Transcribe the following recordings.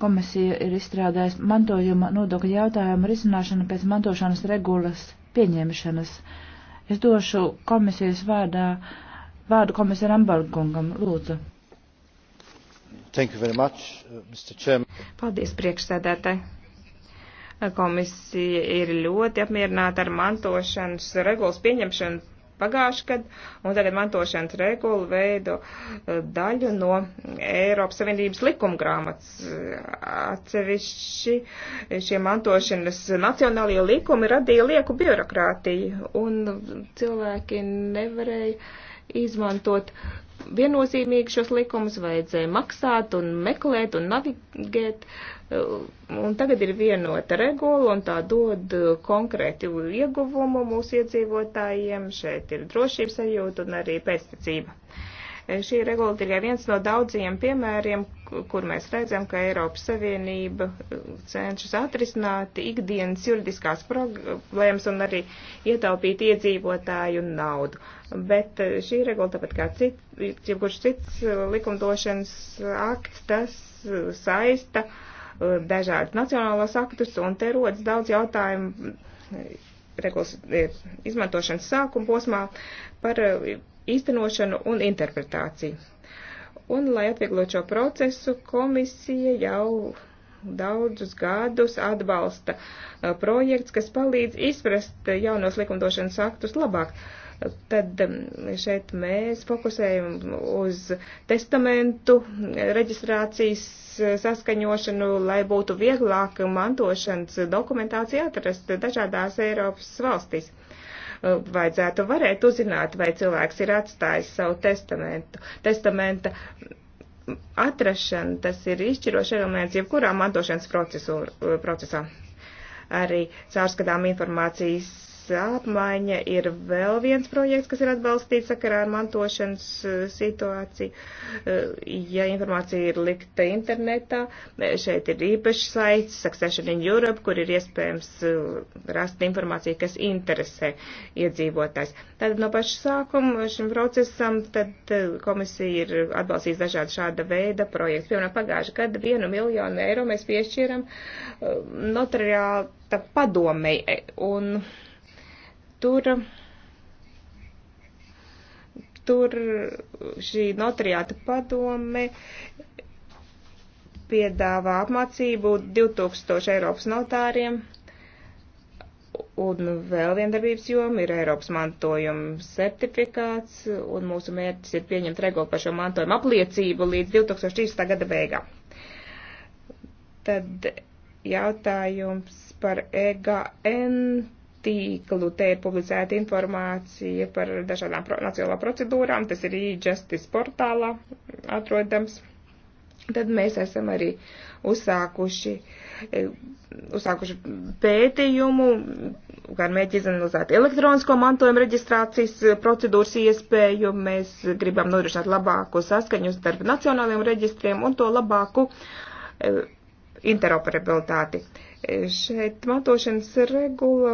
Komisija ir izstrādājusi mantojuma nodokļu jautājumu risināšanu pēc mantošanas regulas pieņemšanas. Es došu komisijas vārdā vārdu komisaram Ambalkungam. Lūdzu. Thank you very much, uh, Mr. Chairman. Paldies, priekšsēdētāji komisija ir ļoti apmierināta ar mantošanas regulas pieņemšanu pagājuši gadu, un tagad mantošanas regula veido eh, daļu no Eiropas Savienības likumgrāmatas. Atsevišķi šie mantošanas nacionālie likumi radīja lieku birokrātiju, un cilvēki nevarēja izmantot viennozīmīgi šos likumus, vajadzēja maksāt un meklēt un navigēt. Uh, un tagad ir vienota regula un tā dod uh, konkrēti ieguvumu mūsu iedzīvotājiem. Šeit ir drošības sajūta un arī pēctecība. E, šī regula tikai viens no daudziem piemēriem, kur mēs redzam, ka Eiropas Savienība e, cenšas atrisināt ikdienas juridiskās problēmas un arī ietaupīt iedzīvotāju naudu. Bet e, šī regula, tāpat kā cits, jebkurš cits likumdošanas akts, tas saista dažādas nacionālos aktus, un te rodas daudz jautājumu regulas izmantošanas sākuma posmā par īstenošanu un interpretāciju. Un, lai atvieglot šo procesu, komisija jau daudzus gadus atbalsta uh, projekts, kas palīdz izprast jaunos likumdošanas aktus labāk. Tad um, šeit mēs fokusējam uz testamentu uh, reģistrācijas uh, saskaņošanu, lai būtu vieglāk mantošanas dokumentācija atrast dažādās Eiropas valstīs. Uh, vajadzētu varēt uzzināt, vai cilvēks ir atstājis savu testamentu. Testamenta atrašana, tas ir izšķirošs elements jebkurā mantošanas procesu, uh, procesā. Arī caurskatām informācijas apmaiņa ir vēl viens projekts, kas ir atbalstīts sakarā ar mantošanas eh, situāciju. Eh, ja informācija ir likta internetā, eh, šeit ir īpaši saits Succession in Europe, kur ir iespējams rast informāciju, kas interesē iedzīvotājs. Tātad no paša sākuma šim procesam tad komisija ir atbalstījusi dažādu šāda veida projektu. Piemēram, pagājušajā gada vienu miljonu eiro mēs piešķīram notariāta padomei. Un Tur, tur šī notariāta padome piedāvā apmācību 2000 Eiropas notāriem. Un vēl viena darbības joma ir Eiropas mantojuma certifikāts, un mūsu mērķis ir pieņemt regulu par šo mantojuma apliecību līdz 2030. gada beigām. Tad jautājums par EGN tīklu. Te ir publicēta informācija par dažādām pro nacionālām procedūrām, tas ir e-justice portālā atrodams. Tad mēs esam arī uzsākuši, e, uzsākuši pētījumu, gan mērķi izanalizēt elektronisko mantojuma reģistrācijas e, procedūras iespēju. Mēs gribam nodrošināt labāko saskaņu starp nacionālajiem reģistriem un to labāku e, interoperabilitāti. Uh, Šeit mantošanas regula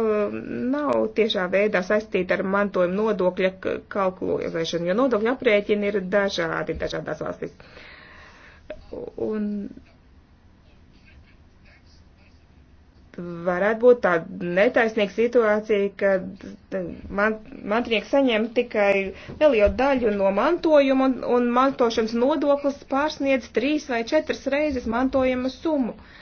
nav tiešā veidā saistīta ar mantojuma nodokļa kalkulēšanu, jo nodokļa aprēķini ir dažādi dažādās valstīs. Un varētu būt tāda netaisnīga situācija, ka man, mantinieks saņem tikai nelielu daļu no mantojuma un, un mantošanas nodoklis pārsniedz trīs vai četras reizes mantojuma summu. Uh,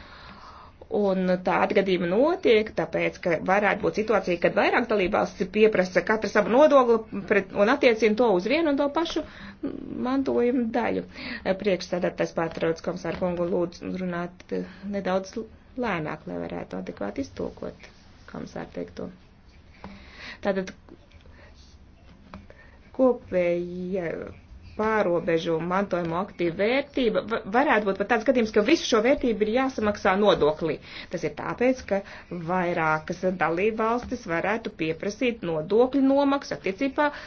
Un tā atgadījuma notiek, tāpēc, ka varētu būt situācija, kad vairāk dalībvalsts pieprasa katru savu nodokli pret, un attiecina to uz vienu un to pašu mantojumu daļu. Priekšsēdētājs pārtrauc komisāru kungu lūdzu runāt eh, nedaudz lēnāk, lai varētu adekvāti iztūkot komisāru teikto. Tātad kopēja pārobežu mantojuma aktīva vērtība, varētu būt pat tāds gadījums, ka visu šo vērtību ir jāsamaksā nodoklī. Tas ir tāpēc, ka vairākas dalībvalstis varētu pieprasīt nodokļu nomaksu attiecībā uh,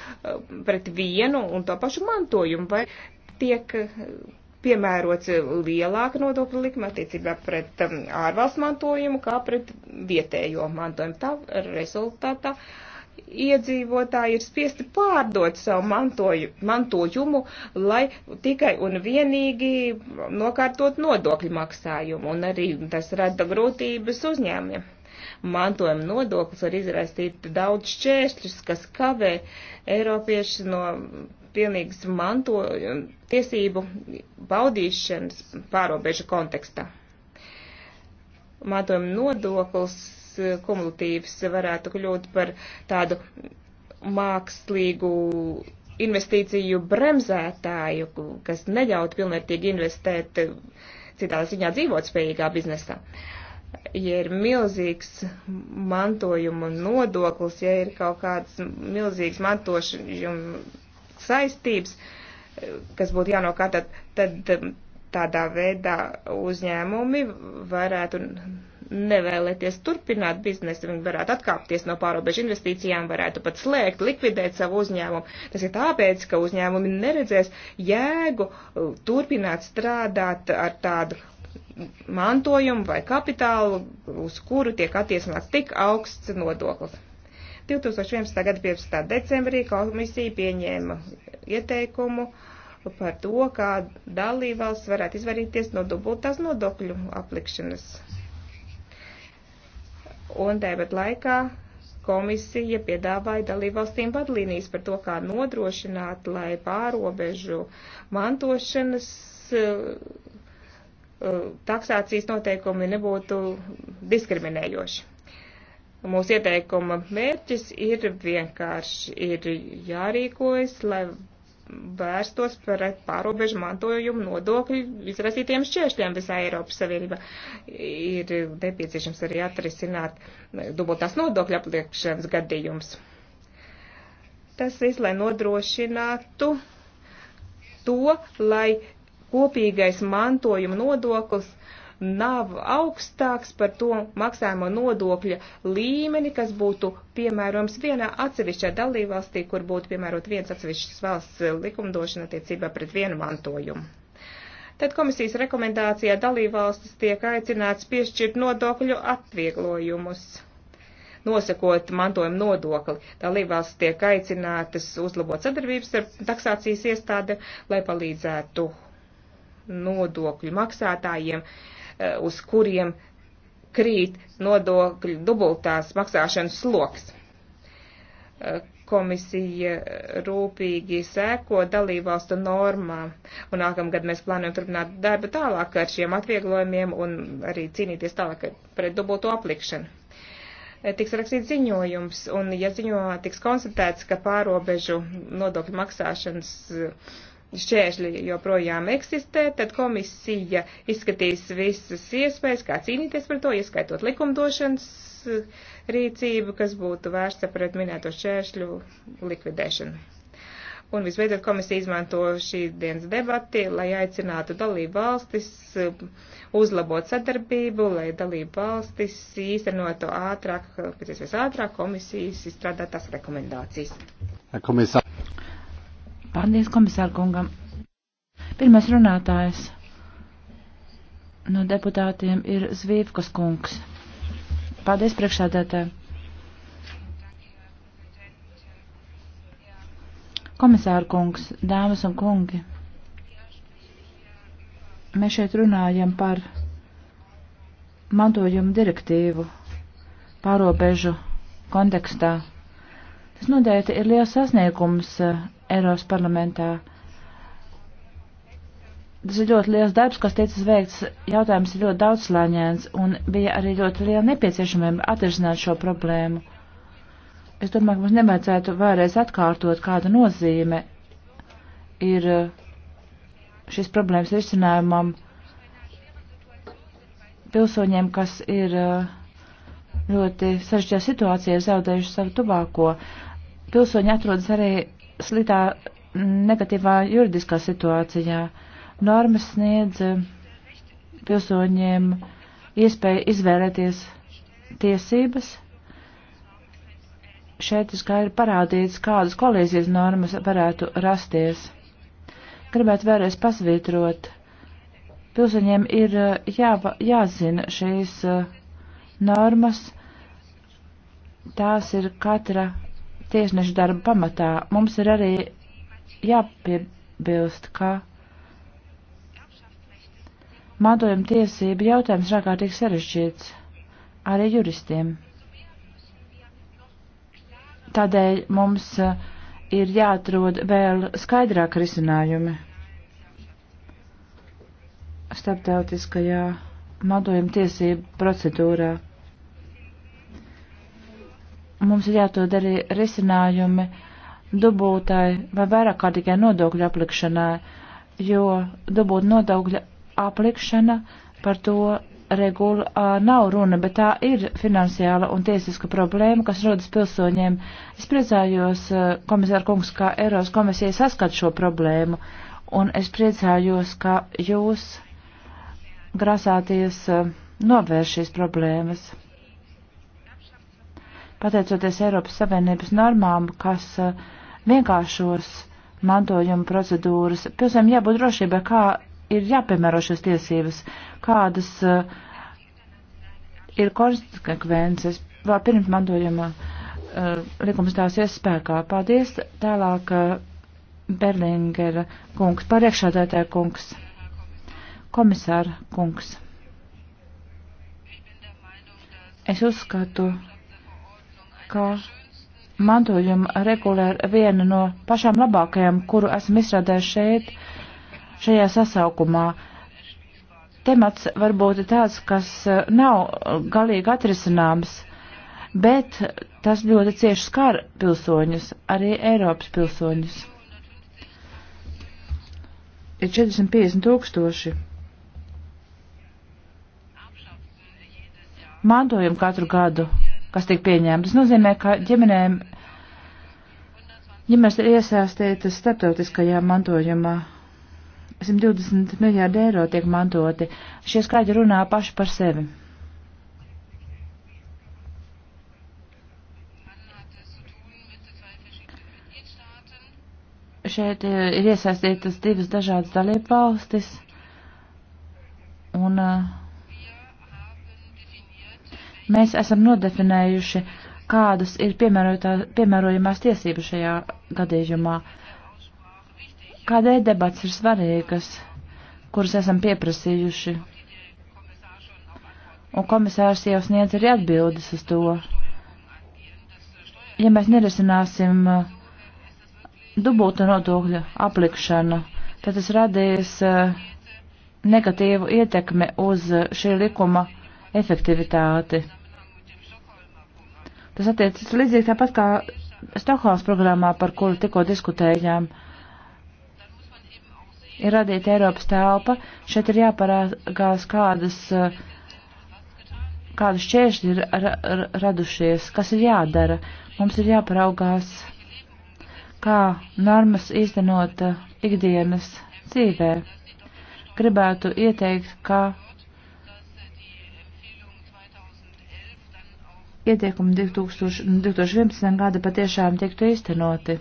pret vienu un to pašu mantojumu, vai tiek uh, piemērots lielāka nodokļa likme attiecībā pret um, ārvalstu mantojumu, kā pret vietējo mantojumu. Tā rezultātā uh, iedzīvotāji ir spiesti pārdot savu mantoju, mantojumu, lai tikai un vienīgi nokārtot nodokļu maksājumu, un arī tas rada grūtības uzņēmumiem. Mantojuma nodoklis var izraisīt daudz šķēršļus, kas kavē Eiropieši no pilnīgas mantojuma tiesību baudīšanas pārobežu kontekstā. Mantojuma nodoklis kumulatīvs varētu kļūt par tādu mākslīgu investīciju bremzētāju, kas neļautu pilnvērtīgi investēt citā ziņā dzīvotspējīgā biznesā. Ja ir milzīgs mantojuma nodoklis, ja ir kaut kāds milzīgs mantošuma saistības, kas būtu jānokārtā, tad tādā veidā uzņēmumi varētu nevēlēties turpināt biznesu, viņi varētu atkāpties no pārobežu investīcijām, varētu pat slēgt, likvidēt savu uzņēmumu. Tas ir tāpēc, ka uzņēmumi neredzēs jēgu uh, turpināt strādāt ar tādu mantojumu vai kapitālu, uz kuru tiek attiesināts tik augsts nodoklis. 2011. gada 15. decembrī komisija pieņēma ieteikumu par to, kā dalībvalsts varētu izvairīties no dubultās nodokļu aplikšanas un tāpat laikā komisija piedāvāja dalībvalstīm vadlīnijas par to, kā nodrošināt, lai pārobežu mantošanas eh, eh, taksācijas noteikumi nebūtu diskriminējoši. Mūsu ieteikuma mērķis ir vienkārši ir jārīkojas, lai vērstos pret pārobežu mantojumu nodokļu izraisītiem šķēršļiem visā Eiropas Savienībā. Ir nepieciešams arī atrisināt dubultās nodokļu apliekšanas gadījums. Tas viss, lai nodrošinātu to, lai kopīgais mantojuma nodoklis uh, nav augstāks par to maksājamo nodokļa līmeni, kas būtu piemērojams vienā atsevišķā dalībvalstī, kur būtu piemērot viens atsevišķas valsts likumdošana attiecībā pret vienu mantojumu. Tad komisijas rekomendācijā dalībvalstis tiek aicināts piešķirt nodokļu atvieglojumus nosakot mantojuma nodokli. Dalībvalstis tiek aicinātas uzlabot sadarbības ar taksācijas iestādi, lai palīdzētu nodokļu maksātājiem Eh, uz kuriem krīt nodokļu dubultās maksāšanas sloks. Eh, komisija rūpīgi sēko dalībvalstu normām, un nākamgad mēs plānojam turpināt darbu tālāk ar šiem atvieglojumiem un arī cīnīties tālāk pret dubulto aplikšanu. Eh, tiks rakstīts ziņojums, un ja ziņojumā tiks konstatēts, ka pārobežu nodokļu maksāšanas uh, šķēršļi joprojām eksistē, tad komisija izskatīs visas iespējas, kā cīnīties par to, ieskaitot likumdošanas eh, rīcību, kas būtu vērsta pret minēto šķēršļu likvidēšanu. Un visbeidzot komisija izmanto šīs dienas debati, lai aicinātu dalību valstis eh, uzlabot sadarbību, lai dalību valstis īstenotu ātrāk, pēc iespējas ātrāk komisijas izstrādātās rekomendācijas. Komisār. Paldies komisārkungam. Pirmais runātājs no deputātiem ir Zvīvkas kungs. Paldies priekšsādātāji. Komisāra kungs, dāmas un kungi, mēs šeit runājam par mantojumu direktīvu pārobežu kontekstā. Tas noteikti ir liels sasniegums Eiropas parlamentā. Tas ir ļoti liels darbs, kas ticis veikts. Jautājums ir ļoti daudzslāņēns un bija arī ļoti liela nepieciešamība atrisināt šo problēmu. Es domāju, ka mums nevajadzētu vēlreiz atkārtot, kāda nozīme ir uh, šīs problēmas risinājumam pilsoņiem, kas ir uh, ļoti sarežģījā situācijā, zaudējuši savu tuvāko. Pilsoņi atrodas arī slitā negatīvā juridiskā situācijā. Normas sniedz eh, pilsoņiem iespēju izvēlēties tiesības. Šeit ir skaidri parādīts, kādas kolēzijas normas varētu rasties. Gribētu vēlreiz pasvītrot. Pilsoņiem ir eh, jā, jāzina šīs eh, normas. Tās ir katra tiesnešu darba pamatā. Mums ir arī jāpiebilst, ka mantojuma tiesība jautājums ir ārkārtīgi sarežģīts arī juristiem. Tādēļ mums eh, ir jāatrod vēl skaidrāk risinājumi starptautiskajā mantojuma tiesību procedūrā mums ir jātod arī risinājumi dubūtai vai vairāk kā tikai nodokļu aplikšanai, jo dubūt nodokļu aplikšana par to regula nav runa, bet tā ir finansiāla un tiesiska problēma, kas rodas pilsoņiem. Es priecājos, komisāra kungs, ka Eiros komisija saskat šo problēmu, un es priecājos, ka jūs grasāties novērst šīs problēmas pateicoties Eiropas Savienības normām, kas eh, vienkāršos mantojuma procedūras. Pilsēm jābūt drošībai, kā ir jāpiemēro šīs tiesības, kādas eh, ir konsekvences pirms mantojuma eh, likums tās iespēkā. Paldies tālāk Berlingera kungs, pariekšādētāja kungs, komisāra kungs. Es uzskatu, ka mantojuma regula ir viena no pašām labākajām, kuru esam izstrādājuši šeit, šajā sasaukumā. Temats varbūt ir tāds, kas eh, nav galīgi atrisināms, bet tas ļoti cieši skar pilsoņus, arī Eiropas pilsoņus. Ir 450 tūkstoši. Mantojumu katru gadu kas tiek pieņemtas. Nozīmē, ka ģimenēm, ģimenes ir iesaistītas starptautiskajā mantojumā. 120 miljārdi eiro tiek mantoti. Šie skaļi runā paši par sevi. Šeit eh, ir iesaistītas divas dažādas dalībvalstis, un uh, Mēs esam nodefinējuši, kādas ir piemērojamās tiesības šajā gadījumā. Kādēļ debats ir svarīgas, kuras esam pieprasījuši? Un komisārs jau sniedz arī atbildes uz to. Ja mēs nerisināsim uh, dubulta nodokļa aplikšanu, tad tas radīs uh, negatīvu ietekmi uz uh, šī likuma efektivitāti. Tas attiecas līdzīgi tāpat kā Stokholmas programmā, par kuru tikko diskutējām. Ir radīta Eiropas telpa, šeit ir jāparāgās kādas, kādas šķēršļi ir ra ra radušies, kas ir jādara. Mums ir jāparaugās, kā normas īstenot ikdienas dzīvē. Gribētu ieteikt, ka ieteikumi 2000, 2011. gada patiešām tiktu īstenoti.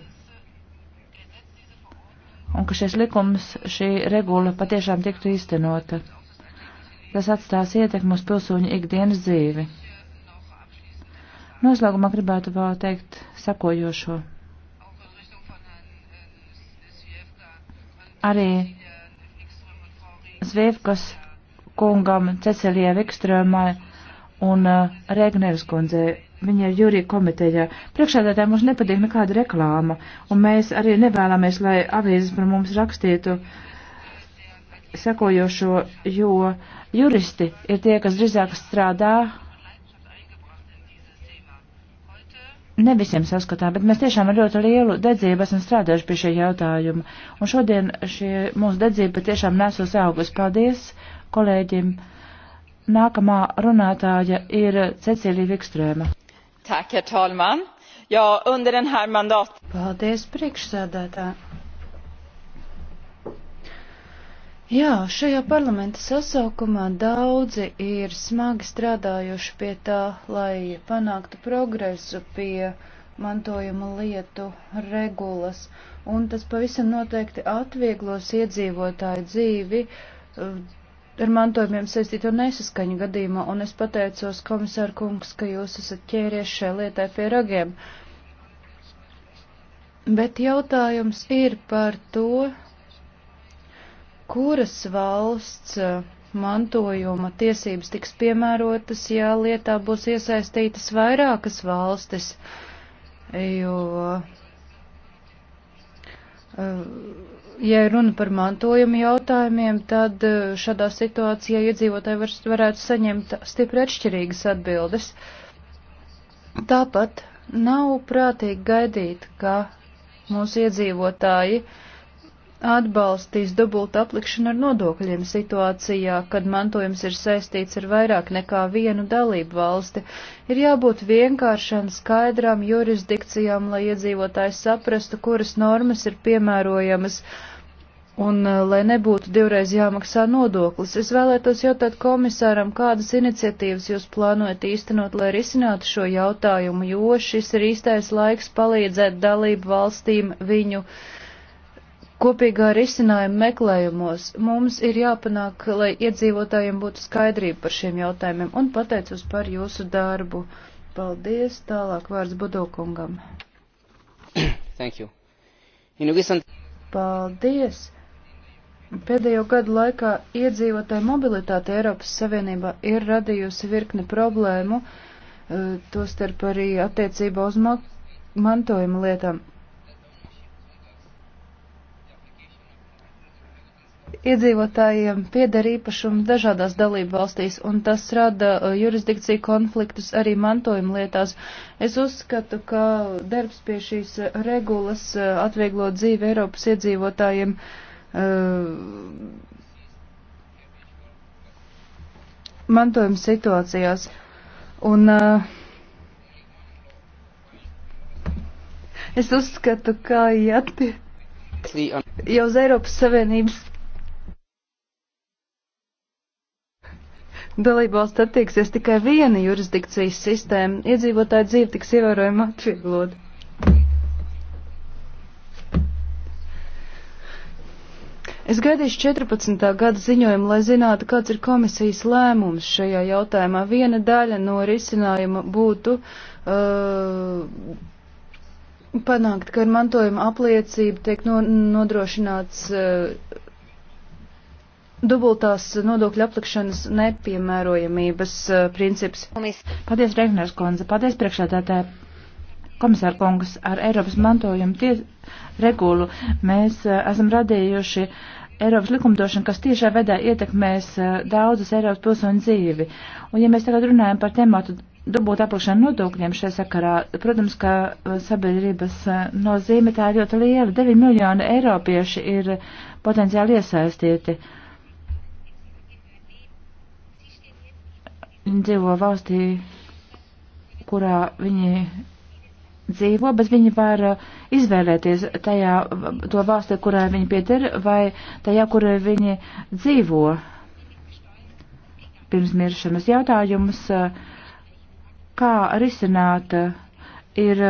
Un ka šis likums, šī regula patiešām tiktu īstenota. Tas atstās ietekmi uz pilsoņu ikdienas dzīvi. Noslēgumā gribētu vēl teikt sakojošo. Arī Zviefkas kungam Cecilijai Vikstrēmai un uh, Rēgneres kundze. Viņa ir jūrija komiteja. Priekšādātāji mums nepatīk nekāda reklāma, un mēs arī nevēlamies, lai avīzes par mums rakstītu sekojošo, jo juristi ir tie, kas drīzāk strādā ne visiem saskatām, bet mēs tiešām ar ļoti lielu dedzību esam strādājuši pie šī jautājuma. Un šodien šie mūsu dedzība tiešām nesos augus. Paldies kolēģim! Nākamā runātāja ir Cecīlija Vikstrēma. Tak, herr talman. Jā, under den här mandat. Paldies, priekšsēdētā. Jā, šajā parlamenta sasaukumā daudzi ir smagi strādājuši pie tā, lai panāktu progresu pie mantojuma lietu regulas, un tas pavisam noteikti atvieglos iedzīvotāju dzīvi ar mantojumiem saistīto nesaskaņu gadījumā, un es pateicos, komisāra kungs, ka jūs esat ķēries šai lietai pie ragiem. Bet jautājums ir par to, kuras valsts uh, mantojuma tiesības tiks piemērotas, ja lietā būs iesaistītas vairākas valstis, jo. Uh, ja runa par mantojuma jautājumiem, tad eh, šādā situācijā iedzīvotāji var, varētu saņemt stipri atšķirīgas atbildes. Tāpat nav prātīgi gaidīt, ka mūsu iedzīvotāji uh, atbalstīs dubultu aplikšanu ar nodokļiem situācijā, kad mantojums ir saistīts ar vairāk nekā vienu dalību valsti, ir jābūt vienkāršām, skaidrām jurisdikcijām, lai iedzīvotājs saprastu, kuras normas ir piemērojamas. Un, eh, lai nebūtu divreiz jāmaksā nodoklis, es vēlētos jautāt komisāram, kādas iniciatīvas jūs plānojat īstenot, lai risinātu šo jautājumu, jo šis ir īstais laiks palīdzēt dalību valstīm viņu uh, kopīgā risinājuma meklējumos. Mums ir jāpanāk, lai iedzīvotājiem būtu skaidrība par šiem jautājumiem, un pateicos par jūsu darbu. Paldies, tālāk vārds Budokungam. Thank you. In recent... Paldies! Pēdējo gadu laikā iedzīvotāju mobilitāte Eiropas Savienībā ir radījusi virkni problēmu, eh, tostarp arī attiecībā uz mantojuma lietām. iedzīvotājiem pieder īpašums dažādās dalību valstīs, un tas rada uh, jurisdikciju konfliktus arī mantojuma lietās. Es uzskatu, ka darbs pie šīs regulas uh, atvieglo dzīvi Eiropas iedzīvotājiem. Uh, mantojuma situācijās. Un uh, es uzskatu, ka jātie jau uz Eiropas Savienības dalībvalsts attieksies tikai viena jurisdikcijas sistēma, iedzīvotāja dzīve tiks ievērojami atvieglota. Es gaidīšu 14. gada ziņojumu, lai zinātu, kāds ir komisijas lēmums šajā jautājumā. Viena daļa no risinājuma būtu uh, panākt, ka ar mantojuma apliecību tiek no, nodrošināts uh, dubultās nodokļu aplikšanas nepiemērojamības uh, princips. Paldies, Regnars Konze, paldies priekšādātē komisāra kungs ar Eiropas mantojumu ties, regulu. Mēs uh, esam radījuši Eiropas likumdošanu, kas tiešā veidā ietekmēs uh, daudzas Eiropas pilsoņu dzīvi. Un ja mēs tagad runājam par tēmātu dubult aplikšanu nodokļiem šajā sakarā, protams, ka sabiedrības nozīme tā ir ļoti liela. 9 miljoni eiropieši ir potenciāli iesaistīti. Uh, Viņi dzīvo valstī, kurā viņi dzīvo, bet viņi var uh, izvēlēties tajā, uh, to valstī, kurā viņi pieder, vai tajā, kurā viņi dzīvo. Pirms miršanas jautājums, uh, kā risināt, ir,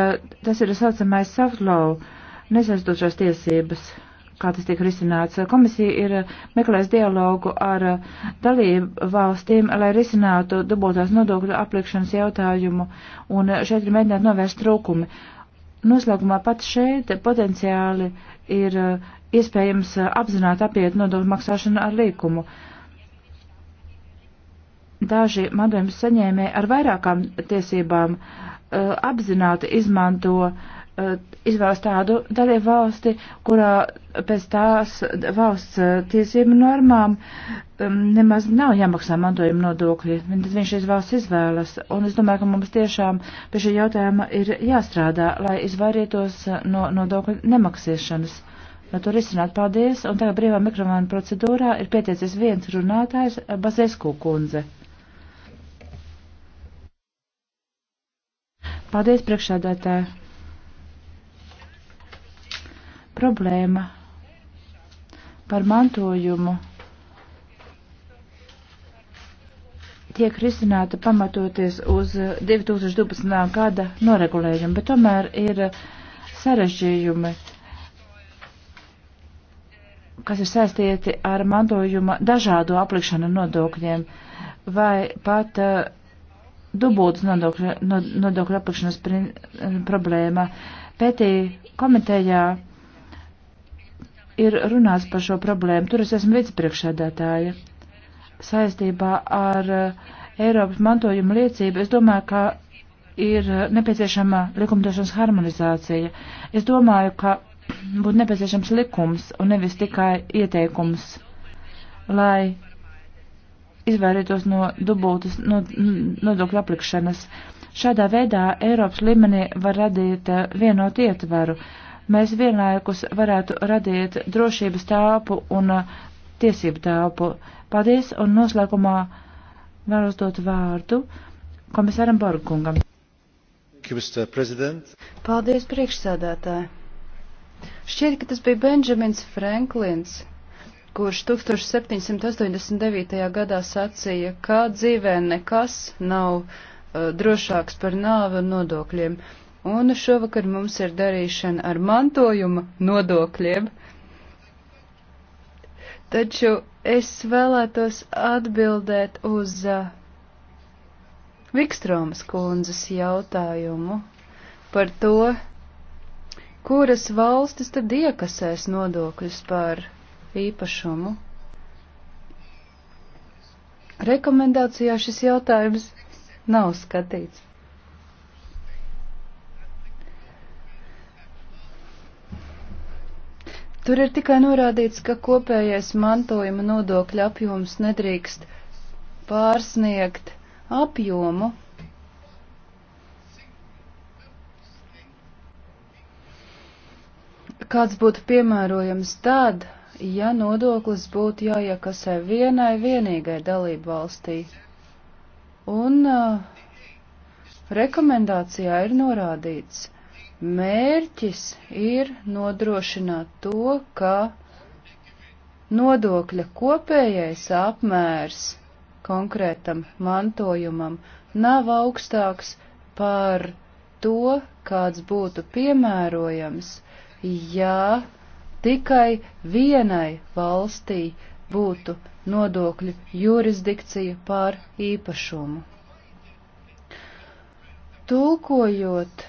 tas ir saucamais soft law, nesaistošās tiesības kā tas tiek risināts. Komisija ir meklējis dialogu ar dalību valstīm, lai risinātu dubultās nodokļu aplikšanas jautājumu, un šeit ir mēģināt novērst trūkumi. Noslēgumā pat šeit potenciāli ir iespējams apzināt apiet nodokļu maksāšanu ar līkumu. Daži mantojums saņēmēji ar vairākām tiesībām eh, apzināti izmanto uh, Eh, izvēlas tādu dalību valsti, kurā pēc tās valsts eh, tiesību normām mm, nemaz nav jāmaksā mantojuma nodokļi. Tad viņš šīs valsts izvēlas. Un es domāju, ka mums tiešām pie šī jautājuma ir jāstrādā, lai izvairītos eh, no nodokļu nemaksīšanas. Lai to risinātu, paldies. Un tagad brīvā mikrofona procedūrā ir pieteicis viens runātājs, Bazesku kundze. Paldies, priekšsēdētāji. Problēma par mantojumu tiek risināta pamatoties uz 2012. gada noregulējumu, bet tomēr ir sarežģījumi, kas ir saistīti ar mantojuma dažādo aplikšanu nodokļiem vai pat uh, dubultas nodokļu, nodokļu aplikšanas problēma. Pētī komitejā ir runāts par šo problēmu. Tur es esmu vicepriekšēdētāja saistībā ar eh, Eiropas mantojuma liecību. Es domāju, ka ir eh, nepieciešama likumdošanas harmonizācija. Es domāju, ka būtu nepieciešams likums un nevis tikai ieteikums, lai izvairītos no dubultas nodokļu aplikšanas. Šādā veidā Eiropas līmenī var radīt eh, vienotu ietvaru. Uh, mēs vienlaikus varētu radīt drošības tāpu un uh, tiesību tāpu. Paldies, un noslēgumā vēlos dot vārdu komisāram Borgungam. Paldies, priekšsēdētāji. Šķiet, ka tas bija Benjamins Franklins, kurš 1789. gadā sacīja, ka dzīvē nekas nav uh, drošāks par nāvi un nodokļiem. Uh, Un šovakar mums ir darīšana ar mantojuma nodokļiem. Taču es vēlētos atbildēt uz uh, Vikstromas kundzes jautājumu par to, kuras valstis tad iekasēs nodokļus par īpašumu. Rekomendācijā šis jautājums nav skatīts. Tur ir tikai norādīts, ka kopējais mantojuma nodokļa apjoms nedrīkst pārsniegt apjomu, kāds būtu piemērojams tad, ja nodoklis būtu jāiekasē vienai vienīgai dalību valstī. Un uh, rekomendācijā ir norādīts, mērķis ir nodrošināt to, ka nodokļa kopējais apmērs konkrētam mantojumam nav augstāks par to, kāds būtu piemērojams, ja tikai vienai valstī būtu nodokļu jurisdikcija pār īpašumu. Tulkojot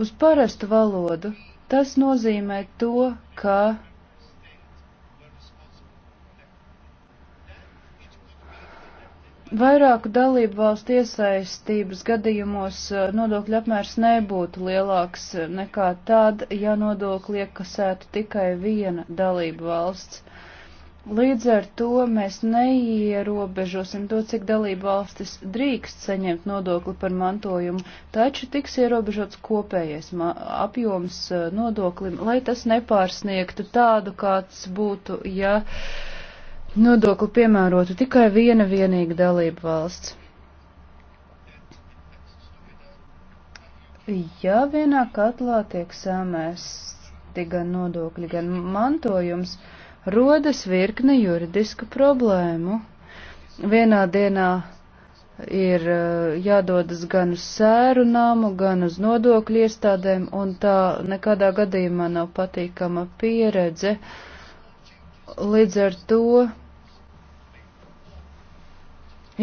uz parastu valodu. Tas nozīmē to, ka vairāku dalību valstu iesaistības gadījumos eh, nodokļu apmērs nebūtu lielāks eh, nekā tad, ja nodokli iekasētu tikai viena dalību valsts. Uh, Līdz ar to mēs neierobežosim to, cik dalību valstis drīkst saņemt nodokli par mantojumu, taču tiks ierobežots kopējais apjoms eh, nodoklim, lai tas nepārsniegtu tādu, kāds būtu, ja nodokli piemērotu tikai viena vienīga dalību valsts. Ja vienā katlā tiek samēsti gan nodokļi, gan mantojums, uh, rodas virkne juridisku problēmu. Vienā dienā ir eh, jādodas gan uz sēru namu, gan uz nodokļu iestādēm, un tā nekādā gadījumā nav patīkama pieredze. Līdz ar to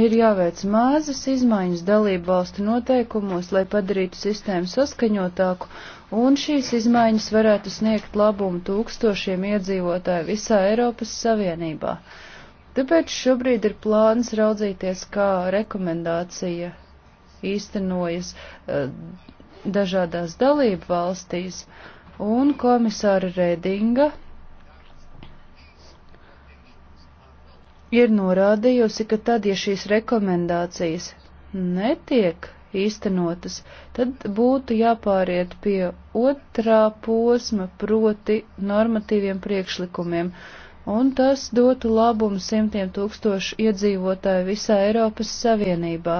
ir jāveic mazas izmaiņas dalību valstu noteikumos, lai padarītu sistēmu saskaņotāku, un šīs izmaiņas varētu sniegt labumu tūkstošiem iedzīvotāju visā Eiropas Savienībā. Tāpēc šobrīd ir plāns raudzīties, kā rekomendācija īstenojas eh, dažādās dalību valstīs, un komisāra Redinga ir norādījusi, ka tad, ja šīs rekomendācijas netiek īstenotas, tad būtu jāpāriet pie otrā posma, proti normatīviem priekšlikumiem, un tas dotu labumu simtiem tūkstošu iedzīvotāju visā Eiropas Savienībā.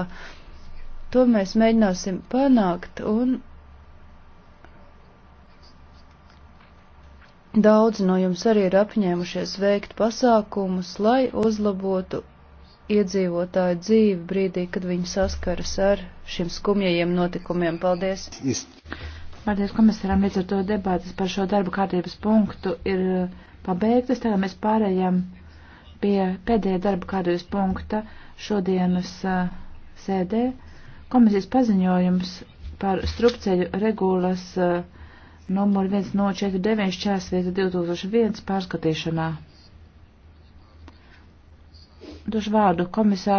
To mēs mēģināsim panākt, un Daudzi no jums arī ir apņēmušies veikt pasākumus, lai uzlabotu iedzīvotāju dzīvi brīdī, kad viņi saskaras ar šiem skumjajiem notikumiem. Paldies! Paldies komisaram, līdz ar to debātas par šo darbu kārtības punktu ir uh, pabeigtas. Tagad mēs pārējām pie pēdējā darba kārtības punkta šodienas uh, sēdē. Komisijas paziņojums par strupceļu regulas uh, numur 1049 čērsvieta 2001 pārskatīšanā. Došu vārdu komisāru.